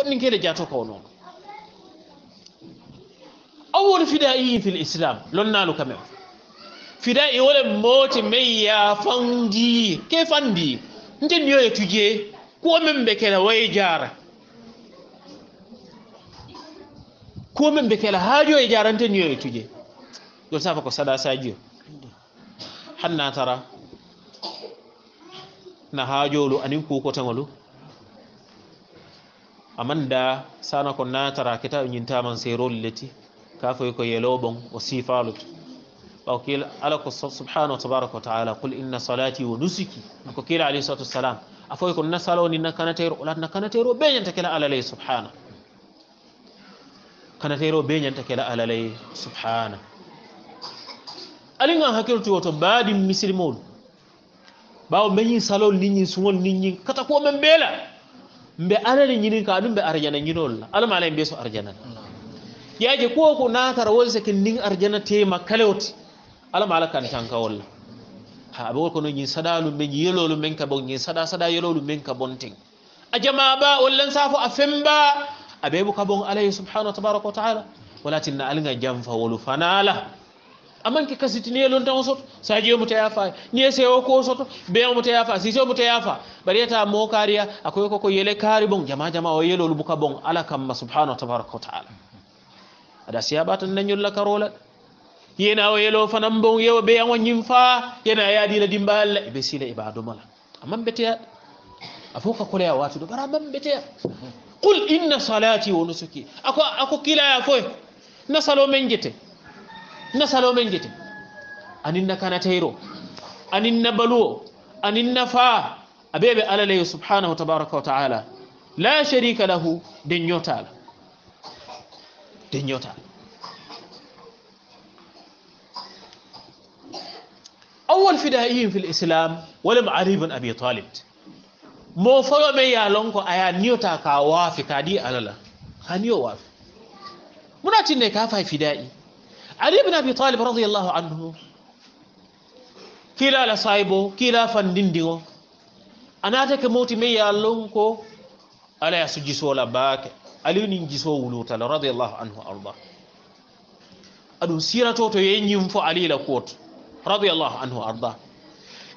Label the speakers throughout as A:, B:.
A: konninkele jato ko noon awol fidaihi fi l islam lonnalu ka men fidai wole mooti men yafandi ke fandi nten yoye tuje ko men be kela waye jara ko men be kela haajo e jara nten yoye tuje safa ko sada sajio hanna tara na haajolu anin kukotaŋolu amanda sana ko natara keta ñintaman seroli leti ka foyi ko yelo ɓon o sifalut ɓawo kila ala ko subhanahu wa tabaraka wa taala qul inna salati wa nusuki ko kila alayhi salatu wassalam a foyi ko nasala oni na kanatero olat na kanatero ɓeñanta kela alalay subhana kanatero ɓeñanta kela alalay subhana aligan hakkilotu woto mbaɗin misilimol ɓawo meñin salol niñin sugol niñin kata ko men ɓeela mbe arare ñininka ɗum ɓe ardiana ñinol la alama alay mbiye so ardianana yaaji ko ko natara wol sake ndin ardiana tema kalewti alama ala kan cankawol la ha aɓe wol ko noon ñin saɗalu men yelolu men ka bon ñin saɗa saɗa yelolu men ka bon ten a jama ba wollan safo a femba aɓe bo ka bon alayhi subhanahu wa tabaraku wa taala walatinna alga jamfa wolu fanala amanke kasiti ni e lon tan o soto sa ƴeewmo teya fa ñie sewo ko o soto beyamo teya fa sisewmo teya fa mbaɗiyata e mokariya akoye koko yele kaari bon jama jama o yelol buka bon ala kamma subhanahu wa tabaraka wa taala aɗa siya ɓa tan dañolla karolaɗ yena o yelo fanan bon yewo ɓeyan o ñim fa yena yaadila dimba allah eɓe sila e ibadumala aman ɓe teyaɗ a fo ka koleya watuɗo bara man ɓe teya qul inna salati wo nosuki ako ako kilaya foye nasalo men guete na salomen gete aninna kana tayro aninna baluwo aninna fa abeɓe alalayo subhanahu tabaraka wa taala la sharika lahu den ñotala den ñotala أول فدائي في الإسلام ولم علي بن أبي طالب مو فلو من يالونكو أيا نيوتا كا وافي كادي ألالا هنيو وافي مناتي نكافة فدائي علي بن أبي طالب رضي الله عنه kila la saybo kila fandindiŋo anate ke moti me ye lon ko ala ya su jisoo la baake aliyu niŋ jisoo wuluta la radiallahu anhu arda aɗum sirato to ye ñiŋ fo ali la kuwoto radiallahu anhu arda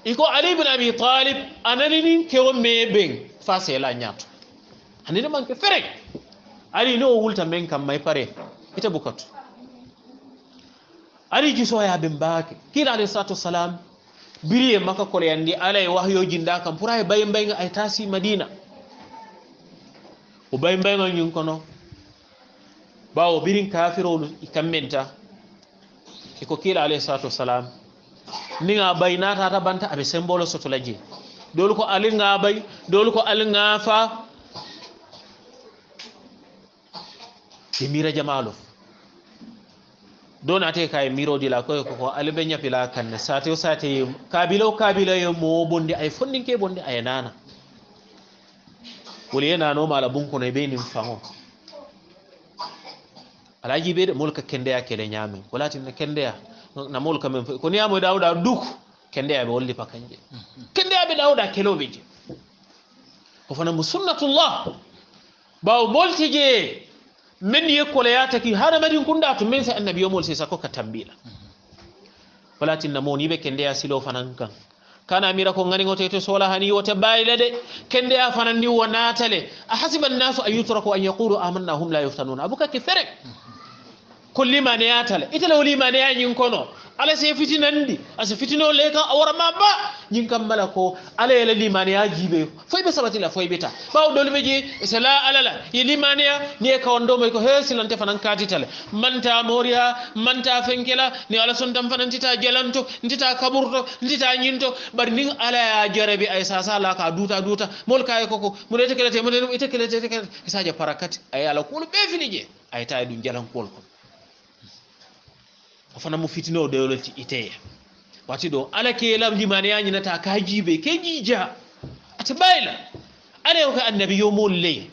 A: i ko ali bin abi talib anani niŋ kewo mee beŋ fa seela ñaato anine manke ferek ali ni wo wulta meŋ kamma i pare ite bukatu ari jusoya ɓe mbaake kiina alayhi salatu wasalam biri e makka kole yandi ala e wahyoji nda kam pour ay baye mbayga ay tasi madina o baye mbayga ñun kono bawo birin kafirolu kammenta eko kiila alayhi salatu wasalam niga bay natata banta aɓe symbole sotola je dolu ko ali ga bay dolu ko ali ga fa demira jamalof do naate ka e mirodila koye koko alibe ñapila kanne sati o sati kabila o kabila ye mo bonde aye fonɗinke bonde aye nana woli ye nano mala bunkono e ɓe nin fango ala jibe de molka kendeya kede ñamin ko latinne kendeya na molka men foy koni yamoye dawɗa duk kendeyaɓe wolli pa kanje kendeyaɓe dawɗa keloɓe je ko fana mo sunnatullah bawo moltijeye min yekkoloyata ki haɗa madin kunɗa to min se annabiyomol si sakko ka tambiɗa wala tinna mo yiɓe kendeya silo fanan kan kana mira ko ganiote to sola hani wote bayle de kendeya fanan ni wo natale a hasiba nnasu an yutorako an yaqulu amanna hum la yuftanuna abukaki fere mm -hmm. kolli ya tale itala woli ya ñin kono ala se ndi asa fitino le ka a warama ba kam mala ko ala ya jibe jiibe foy ɓe sabatila foy ɓe ta ɓaw ɗolɓe je ala la alala ye ya ni e mo ko he silante fanan katitale manta moriya manta fenkela ni ala sontan fana ntita jelanto ntita kaburto ntita ñinto bar ni ala ya jarabe ay sa la ka duta duta mol kaye koko muɗete kelete muɗete kelete ete kelete sadia parakati ay ala kulu be fini je ta e ɗum jalankuwol fana mu fitino da yolonti iteya wati ɗo ala ke lamdi mane ta ka jiibe ke jija ata bayla ala yo annabi yo mol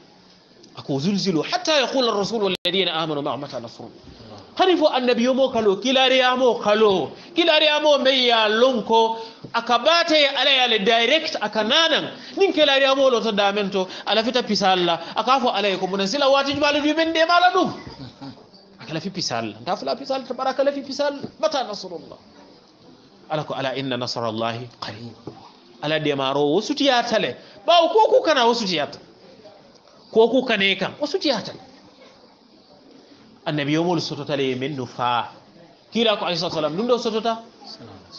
A: ako zulzilu hatta yaqula wal ladina amanu maa mata nasr hani fo annabi yomo kalo amo kalo me ya lonko aka bate ala direct aka nanan nin kilari amo damen to ala fita pisalla aka fo alaye ko munan sila wati jumalo jumen ndemala ɗum kala fi pisal nta fula pisal to ɓara kala fi pisal bata nasrullah ala ko ala inna nasrallahi qarib ala ndemaro wo sutiya tale ɓaw ko kukana wo sutiya ta ko kukane kan wo sutiya tale annabi yomol sototale ye men no fa kila ko alayhi salatu ɗum ɗo sotota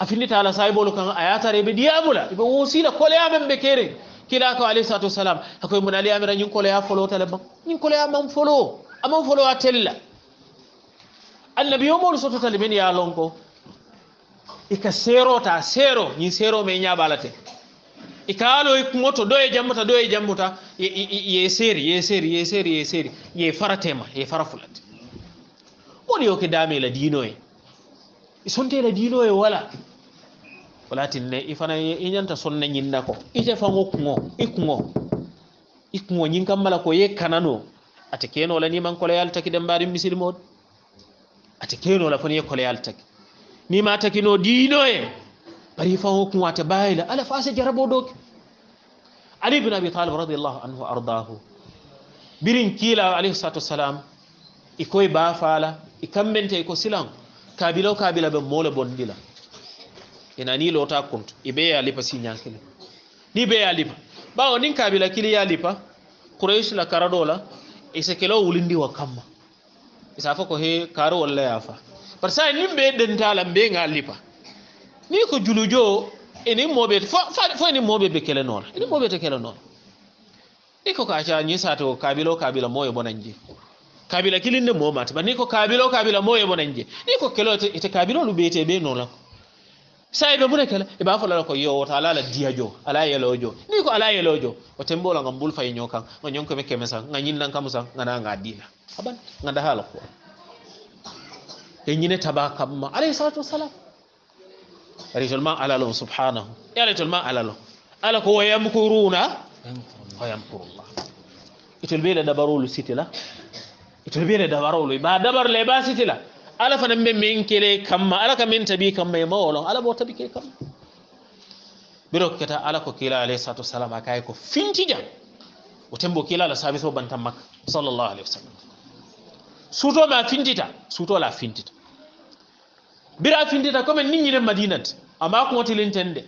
A: a finnita ala sahibolo kan a yatare ɓe ɗiyamula ɓe wosila koleya men ɓe kere kila ko alayhi salatu wasalam hakoye mon ali amira ñin koloya folo tale ba ñin koloya man folo aman folo a tella annabi yomoɗo sototali men yalonko ika seerota seero ñin seero me ñaɓalate ika alo e kumoto ɗo e jammata ɗo e jammuta ye seeri ye seeri ye seeri ye seeri ye faratema ye fara fulate woni yoke dame la dino e i e sonte la dino e wala walatin ne i e fana i e ñanta sonna ñinna ko i jafango kuŋo i kuŋo i kuŋo ñin kammala ko ye kanano ate kenola ni mankolayal taki dembari misilmoɗe ate kenola fon ye koleyal take nima takino e bari fawo kun wata bayila ala fa ase jarabo doke ali bin abi talib radiallahu anhu ardahu birin kila alayhi salatu wassalam i koye ba faala ikambente kammente e ko silan kabila o kabila ɓe moole bondila ina ni lota kunt ibe ya lipa si ñankile ni be ya lipa ɓawo nin kabila kili ya lipa quraish la karadola isekelo e sekelo wulindi wa kamma isa fo ko he kaaro walla yaafa par sa nin ɓe dentala mbe ga lipa ni ko juluio eni moɓe fo eni moɓe ɓe kele noon eni moɓe to kele noon ni ko ko acca ñi sata ko kabila o kabila moyo e bonan je kabila kilinde momata ba ni ko kabila o kabila moyo e bonan je ni ko kelo ite kabila olu ɓeyte ɓe noona ko sa ɓe mune kele e ɓa folala ko yowoto ala la diyajo ala yelojo ni ko ala yelojo o tembolo gam bulfayño kan a ñonkome keme san a ñinnan kamu san gana nga diina aban ngada hala ko e ñine taba kam ma alayhi salatu wassalam alitol ma alalo subhanahu e alitol ma alalo ala ko wa yamkuruna wa yamkurullah itol ɓeele dabarolu sitila itol ɓeele dabarolu ba dabarle ba sitila ala fana mbe min kele kamma ala ka min tabi kamma e mawolon ala bo tabi kele kamma biro keta ala ko kila alayhi salatu wassalam akaye ko fintija o tembo kila ala sabiso bantan makka sallallahu alayhi wa sallam suto ma findita suto la findita bira findita comme nit ñi dem madinat ti amma kuma tilinten de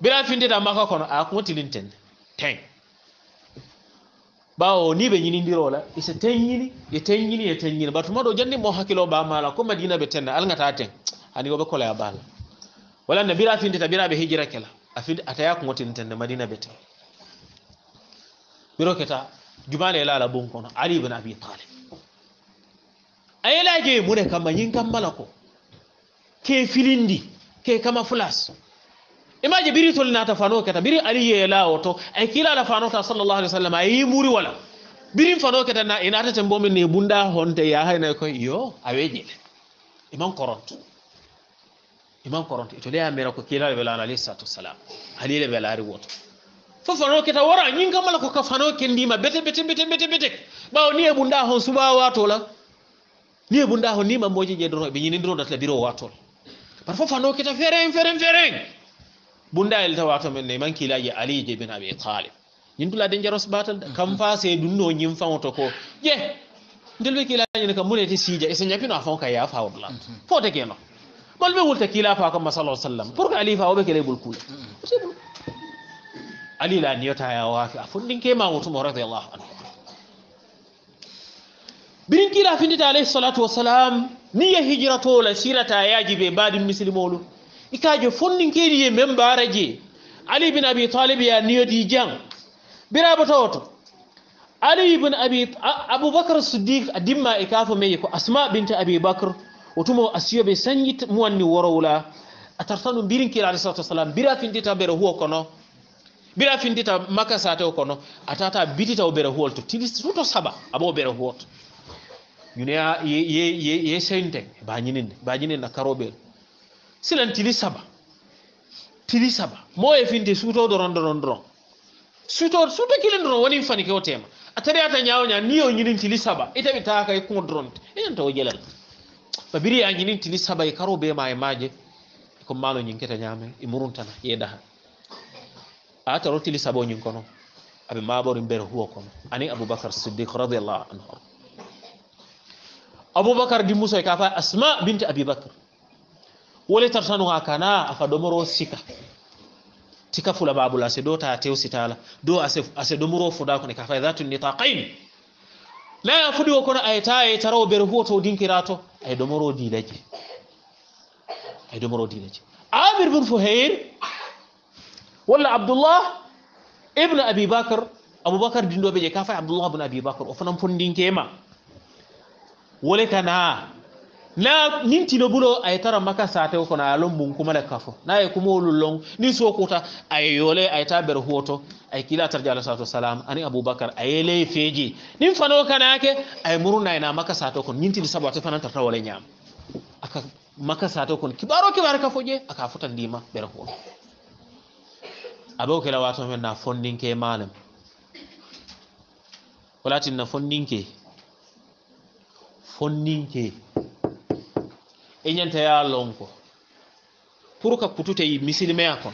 A: bira fintita ko kono a ko kuma lintende ten bawo ni be ɓe ñinindiro la se ten ñini e ten ñini e ten ñini batuma do jandi mo hakilo ba mala ko madina be tenna algata ten ani hani woɓe koloya bala wala na bira findita bira be hijira kala afid ataya ko kuma lintende madina be ten biro keta jumale la la bon kono ali ibn abi talib a ye laje kama yin kammala ke filindi ke kama fulas imaje biri tol nata fano kata biri ali ye la oto ay kila la fano ta sallallahu alaihi wasallam ay muri wala biri fano kata na inata tembo min ne bunda honte ya hayna ko yo aweje iman koronto iman koronto to le amira ko kila la bela alayhi salatu wassalam ali le bela ari woto fo fano keta wara nyin kammala ko ka fano kendima bete bete bete bete bete bawo ni e bunda hon suba wato la ni e bunda ho ni mamboji jeedoro be nyini ndrodo tla biro watol par fofa no kita fereng fereng fereng bunda el tawato men ne manki laji ali je bin abi talib nyindula de jaros batal mhm. kam fa se dunno nyim famoto ko je ndelbe kila nyene kam mulete sija e se nyapino afa ka ya fa wala mhm. fote keno balbe wulta kila fa kam sallallahu alaihi wasallam pour ali fa obe kele bul kula mhm. ali la niyota ya wafi afundin ke ma wutu radiyallahu anhu birin kila findita alayhi salatu wassalam ni ye hijiratola sirata badin ɓe mbaɗin misilmolu ikaje fonninkeni ye men mbara je ali bin abi talib ya di jan biraɓa wato ali bin abi aboubacar siddiq a dimma e kafo meye ko asma binte abibacre o sanyi asiyoɓe sañit muwanni worowla a tarta birin kila alayhi salatu wassalam bira findita ɓeɗa huwo kono bira findita makasa ta kono a bitita o ɓeɗa huwol to tilis tuto saba abo ɓeɗa huwoto ñune a ye ye ye sente bañinin ñinin na karobel silan tili saba tili saba mo e finte suto doron doron doron suto suto kilin doron wani fani ke tema atari ata nyawo nya niyo ñinin tili saba ita bi taka e kun doron en to jelal ba biri ya ñinin tili saba e karobe ma e maaje ko malo nyin keta nyame e muruntana ye daha ata tili sabo nyin kono abe mabori mbere huwa kono ani abubakar siddiq radiyallahu anhu abubakar di musa ya fa asma binti abibakar wole tartanu haka na a domoro sika tika fula babu ase do ta teo sitala do ase ase domoro fuda ko ne ka fa Na nitaqain la fudi ko na ayta ay taro ber hoto kirato? ay domoro dilaje ay domoro dilaje amir bin fuhair wala abdullah ibn abi bakr abubakar dindo be je ka fa abdullah ibn abi bakr o fanan fundin kema woleta kana na nin tilo bulo a ye tara maka sate kono a lon bun kuma le kafo na ye kuma wolu lon ni so kuta a ye yole a ye ta ber huwoto a ye kila tarja ala salatu wasalam ani abubakar a ye le feji nin fano kana ke a ye muru na ina maka sate kono nin tili sabu ate fana tarta wole nyam aka maka sate kono kibaro kibaro kafo je aka futan dima ber huwoto abewo kela wato men na fondinke malem walatin na fondinke fonninke e ñantaya lonko pour ka kututey misilmeya kon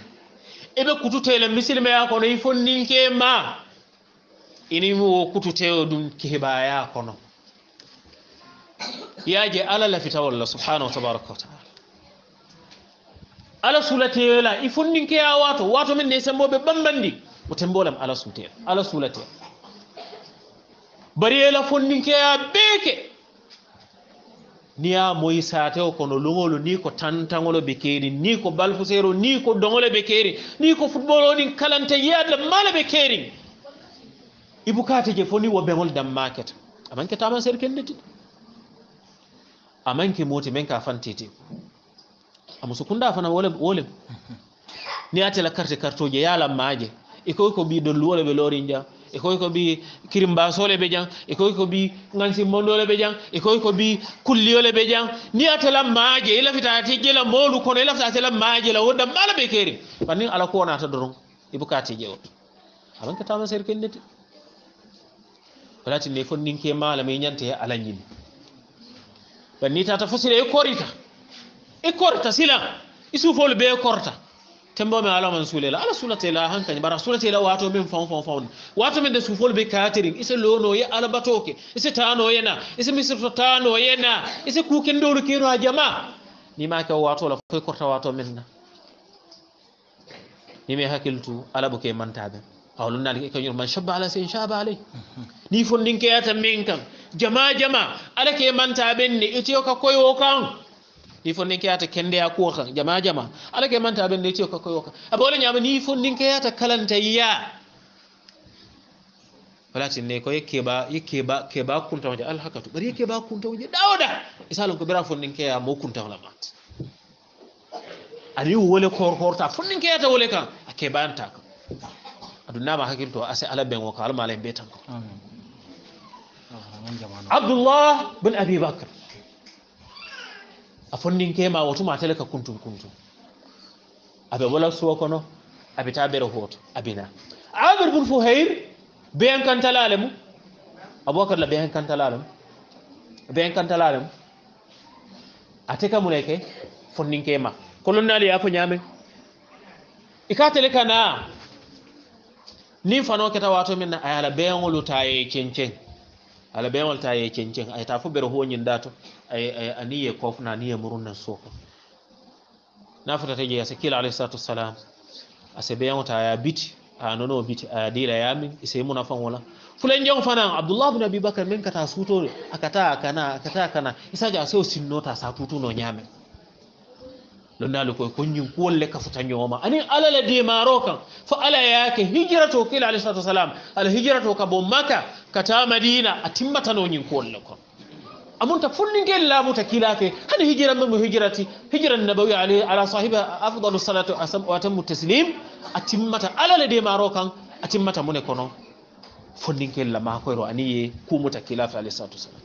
A: eɓe kututeyle misilmeya kono yi fonninke ma inimi wo kututeyo ɗum keɓaya kono yaje ala lafitawalla subhanahu wa tabaraka wa taala ala suulateyola i fonninkeya wato wato min ne semboɓe bambandi o tembolam ala suutel ala suulateyo bariyela fonninkeya beeke ni ya moyi o kono luŋolu ni ko tantaŋolo be keeri ni ko balfusero ni ko doŋolo be keeri ni ko futbolo nin kalanta yeyadla mala be keeri i bukate je fo ni wo beŋol dammaketa amanke aman ke taman ser kendeti moti men ka fantiti a kunda fana wole wolem ni atela karte kartoje yala maaje iko ko bi dollu wole be lorinja e koy ko mbi kirimbasole ɓe jang e koy ko mbi gansimmondole ɓe jang e koy ko mbi kulliyole ɓe jang ni a telam maaje ilafitati e jela molu kono ilafita e telam maaje la woddam ala ɓe keeri fannin ala kuwonata ɗo ɗon ibukatije e oto alan ketama seeri kelnete walatinne fo ninke maala ma ñante he ala ñini wanni tata fo sila e korita e korta sila i suufole ɓe korta tembo min ala man suulela ala suulatela han kañi bara suulatela wato min faw faw fawde wato min de suufol be katering ise lonoye ala batoke ise tanoyena ise misirto tanoyena ise kuken dowlo keno ha jama nimake o watola koye korta wato minna nimi hakkiltu ala ɓoke mantaɓe awlunnali e kañur man chabba ala sen chaba aley ni fondinkeyata min kam jama jama ala ke mantaɓenne itiyo ka koye o kan ni fo ninke yata kende ya ko kan jama jama ala ke manta ben ne ce ko koyo ka aba wala nyama ni fo ninke yata kalanta ya wala tin ne ko yake ba yake ba ke ba ta waje al hakatu bari yake ba ta waje dawda isalan ko bira fo ninke ya mo ta wala mat ani wole kor ta fo ninke yata wole kan ake anta ka aduna ma hakilto ase ala ben wo ka al betan ko amin abdullah bin abi bakr a fondinkema wotuma tele ka kuntum kuntum aɓe wala suwo kono abita ɓere hooto abina amir bun fo heyr be hen kantalale mum aboubacar la be hen kantalale mu be hen kantalale mu a teka muneke fondinkema kolonnali yafo ñamen ika tele kana nin fano keta wato men na ay ala beyaŋolu taye cen ceng ala beyaŋol taye cen ceng ayata fo ɓere hoñin da to Eh, eh, aniye na aniye murunna soko na nafatata teje ya kiila alayhi salatu wassalam ase ɓeyamota aya biti a nono biti aya diila yamin na fanwala wala fulen jong fanan ibn abi abibacre men kata suto akata kana akata kana isaji a sinno ta sa tutuno ñaamen lonnaali koye ko kuwolle ka fota ñooma ani ala la dimaro kan fo ala yake hijratu kila alayhi salatu wassalam ala hijratu ka bo makka kata madina a timmatanoñin kuwolle ko amunta fulligel laamuta kiilaake hani hijirame mo hijirati hijirani nabawi ala ala sahiba afdalu salatu wasalam o atammu taslim a timmata alale de maaro kan a timmata mune kono fondinkel la makoyro aniye kumuta kilafe alayhi salatu wasalam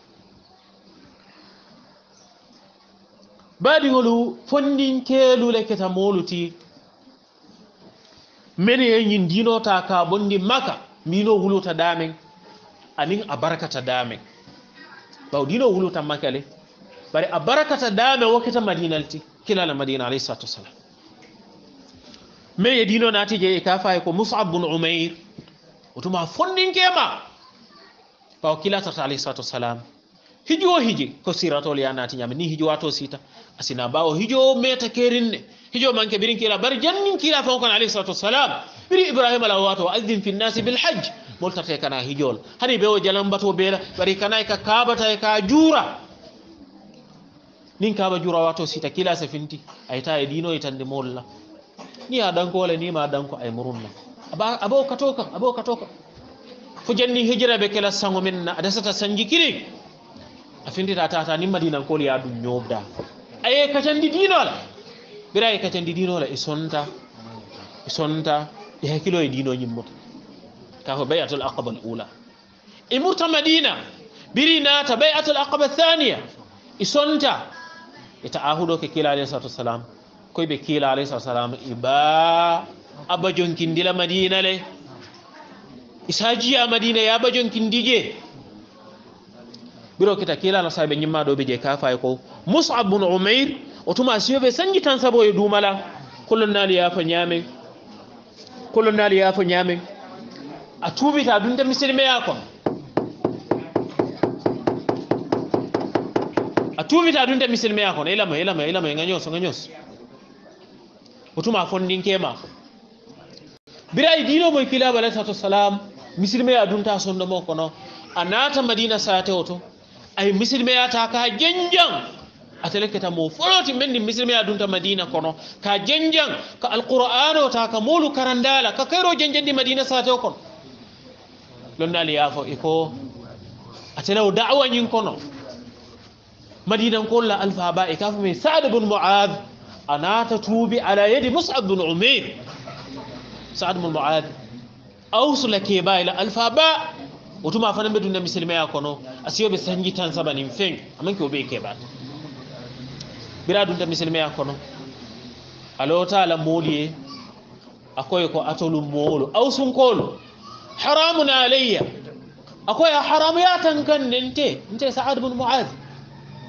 A: baaɗigolu fondinkelule keta moluti min e ñin ndinota ka bonndi maka mbino wuluta damen anin a barakata damen bawo dino wuluta makale bari a barakata dame wokita madinalti kilala madina alayhi salatu wasalam me ye dino naati je e kafa ko musab bun umair kema fonninkema kila ta alayhi salatu wasalam hijo o hiji ko sirato ya naati ñama ni hijo wato sita asina bawo hijo meta kerinne hijo manke birin kila bare jannin kila fa ko alayhi salatu wasalam biri ibrahima la wato wa addin fi bil hajj boltate kana hijol hani be o jalambato beela ɓari kanay ka kabata e ka juura nin kaaba jura wato sita kila sa finti ayta e ɗino e tande molla ni a le ni ma ɗanko ay murunna abo kato kam abo kato kam fo janni hijira kela sango men na a dasata sanji kili a findita tata nin madinankol ya ɗum ñobda aye kacandi dinola ɓira e kacandi dinola e sonta e sonta e hakkilo e dino ñimmota kaho bayatul aqaba l ula e murta madina biri naata bayatul aqaba thania e sonta e ta ahuɗo ke kiila alayhi salatu wasalam koye ɓe kiila alayhi salatu wasalam i e ba abba jonkindila madina le isajiya e madina ya ba jonkindije ɓiro kita kiilala saɓe ñimma ɗo ɓe je e ka fay ko musab bun umair o tuma siyoɓe sanji tan sabo e duumala kollonnali yaafo ñaame kollonnali yaafo ñaame a tuubita a dunta misirme kono a tuubita a dunta misilimeya kono ilama ilama ilama nga ñooso nga ñooso o tuma fondinkema mo diino moye kilaba alayhisalatu misirme ya dunta sondomo kono a naata madina saate o to ay ya ta ka jenjang ateleketa mo foloti men ni ya dunta madina kono ka genjang ka alqur'ano ta ka mulu karandala ka kairo jenjendi madina saate kono lonno ala yaafo eko atenaw dawa ñin kono madinankolla alfaba e kafa mi saad bne moad a nata tuubi ala yedi musab bne omir saad bne moad awsula kebayla e alfaba o tuma fana mbe dunna misilmaya kono a siyoɓe sañji tan sabanin fen amanke o ɓe kebat mbira dunta misilmaya kono alowtala moolie akoye ko atolu moolo awsunkoolo haramun alayya akoy haramu yatan kannente nte sa'ad ibn mu'adh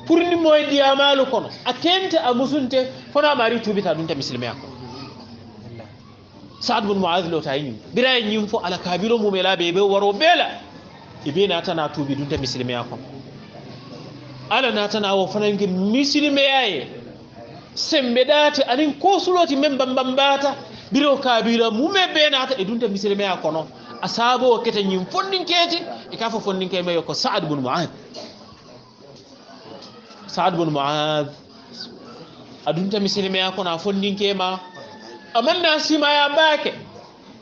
A: purni moy diyamalu kono akente a musunte fona mari tubita dunta muslimiya ko sa'ad ibn mu'adh lo tayin birayin yin fo ala kabiro mu mela be be waro bela ibina tana tubi dunta muslimiya ko ala na tana wo fana ngi muslimiya ye sembe dati anin kosuloti men bambambata biro kabira mume benata e dunta muslimiya kono asabo kete ñin fondinkeeti e ka fo fondinke mayo ko saad bun moad saad bun moad adunta misilimaya kono a fondinkema amanna simaya baake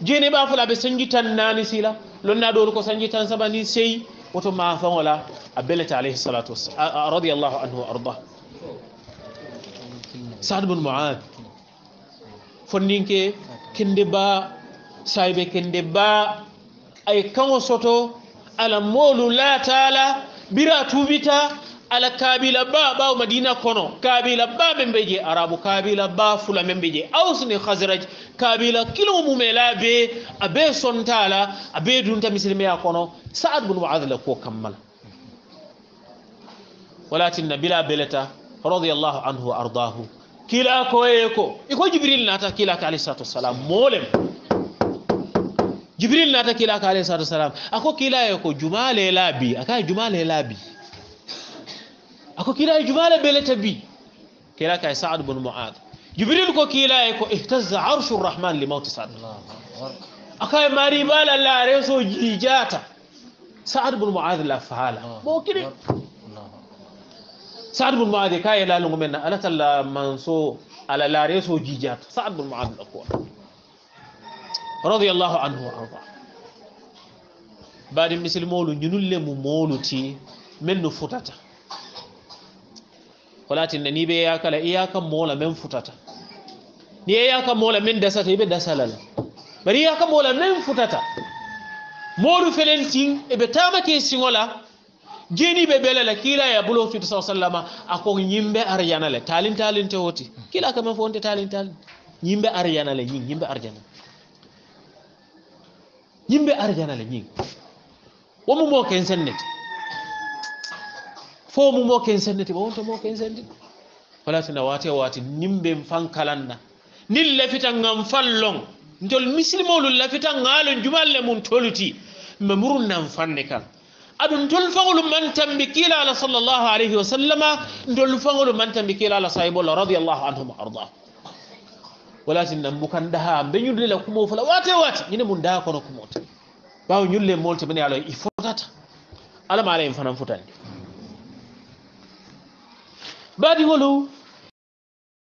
A: jeni ɓa fola ɓe sanji tan nani sila lonna ɗon ko sanji tan sabani sey woto ma faŋola a belete alayhi salatu wasalam radiallahu anhu wa ardah saad bun moad fondinke kende ba sayɓe kende ba ay kaŋo soto ala moolu laataala mbira tuubita ala kaabila baa baawo madina kono kaabila baa ɓe mbe je arabu kaabila baa fula men ɓe je ausni hasraj kaabila kiloo mume laa be a be sontaala a be dunta misilme a kono saad bun moadla ko kammala walatinna bila beleta radiallahu anhu wa ardahu kila koyeko iko jibril naata kilaka alayhi salatu wasalam moolem jibril naata kila ka alayhi salatu wasalam ako kila ye ko juma lela bi akaye juma lela bi ako kila ye juma le beleta bi kila kaye saad bun muad jibril ko kila ye ko ihtazza arshu rrahman li mawti saad akaye mari bala la reso jijata saad bun muad la faala bo kiri saad bun muad kaye la lungu men ala talla manso ala la reso jijata saad bun muad akwa radiallahu anhu wa arda mbaɗi misilmolu ñunulle mu moluti min no futata ko laatin nani ɓe yeyakala iyaka moola min futata ni yeyaka moola min dasata yiɓe dasalala bari yeyaka moola min futata molu felentin eɓe tamake siŋola jeeniɓe ɓelala kiilaya bulo fito saw sallama ako yimɓe aryanale talin talinte hoti kiilaka min fo onte talin talin yimɓe aryanale yin yimɓe aryanale yimɓe arjanale ñin wo mumo ken sennete fo mumo ken sennete ɓo wonto mo ken sendi walatina wate wati nimɓen fan kalanna nin lafita gam fallon jol misilmolu lafita ngaalo jumalle mum toluti ma murunnan fanne kan aɗum dol fangolu man tambi kiilala sallllahu alayhi wa sallama dol fangolu man tambi kiilala sahibolla radiallahu anhum wa ardahum wala tin nambu kan da ha be nyulde la kumo fala wate wate nyine mun da ko no kumo ta baaw nyulle e mol te bani alay i fotata ala ma alay fanam fotani badi wolo